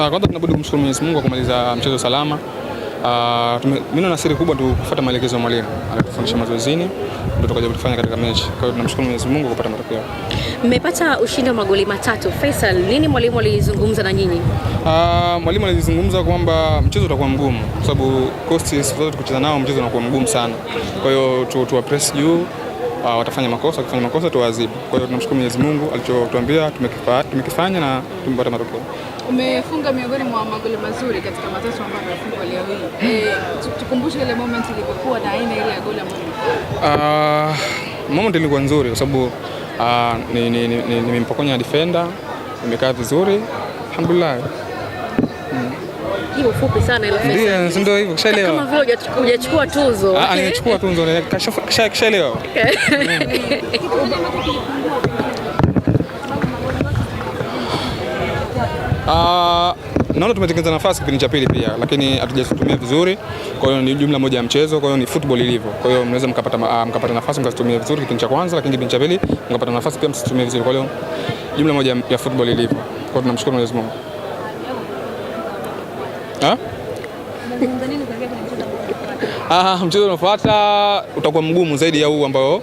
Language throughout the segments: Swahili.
Ah, kwanza tunabudi kumshukuru Mwenyezi Mungu kwa kumaliza mchezo salama. Ah, mimi na siri kubwa tukufuata maelekezo ya mwalimu alitufundisha mazoezini, ndio tukaja kufanya katika mechi. Kwa hiyo tunamshukuru Mwenyezi Mungu kupata matokeo. Mmepata ushindi wa magoli matatu. Faisal, nini mwalimu alizungumza na nyinyi? Uh, mwalimu alizungumza kwamba mchezo utakuwa mgumu kwa sababu Coast tukicheza nao mchezo unakuwa mgumu sana. Kwa hiyo tu, tu press juu uh, watafanya makosa, wakifanya makosa tuwaadhibu. Kwa hiyo tunamshukuru Mwenyezi Mungu alichotuambia tumekifanya, tumekifanya na tumepata matokeo. Umefunga miongoni mwa magoli mazuri katika matatu ambayo umefungwa leo hii. Eh, tukumbushe ile moment ilivyokuwa na aina ile ya goli ambayo. Uh, moment ilikuwa nzuri kwa sababu uh, ah, nimempokonya ni, ni, ni, ni defender, nimekaa vizuri. Alhamdulillah. Hmm mjibu fupi sana hilo. Ndio, ndio hivyo, kishaelewa. Kama vile hujachukua tuzo. Ah, nimechukua tuzo, kishaelewa. Ah, naona tumetengeneza nafasi kipindi cha pili pia, lakini hatujazitumia vizuri. Kwa hiyo ni jumla moja ya mchezo, kwa hiyo ni football ilivyo. Kwa hiyo mnaweza mkapata ah, mkapata nafasi mkazitumia vizuri kipindi cha kwanza, lakini kipindi cha pili mkapata nafasi pia msitumie vizuri. Kwa hiyo jumla moja ya football ilivyo. Kwa hiyo tunamshukuru Mwenyezi Mungu. Ah, mchezo unaofuata utakuwa mgumu zaidi ya huu ambao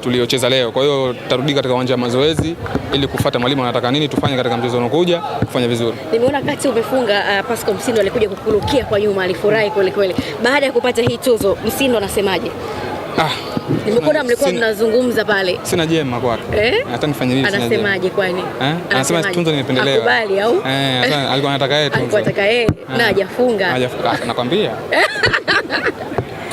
tuliocheza tuli leo. Kwa hiyo tutarudi katika uwanja wa mazoezi ili kufuata mwalimu anataka nini tufanye katika mchezo unaokuja kufanya vizuri. Nimeona kati umefunga, uh, Pascal Msindo alikuja kukurukia kwa nyuma, alifurahi kweli kweli. Baada ya kupata hii tuzo, Msindo anasemaje? Ah. Nimekuona mlikuwa mnazungumza pale. Sina jema kwake. Eh? Hata nifanye nini Anasemaje kwani? Eh? Anasema tunzo nimependelewa. Akubali au? Eh, alikuwa anataka yeye tunzo. Alikuwa anataka yeye eh. na hajafunga. Hajafunga. Ah, nakwambia.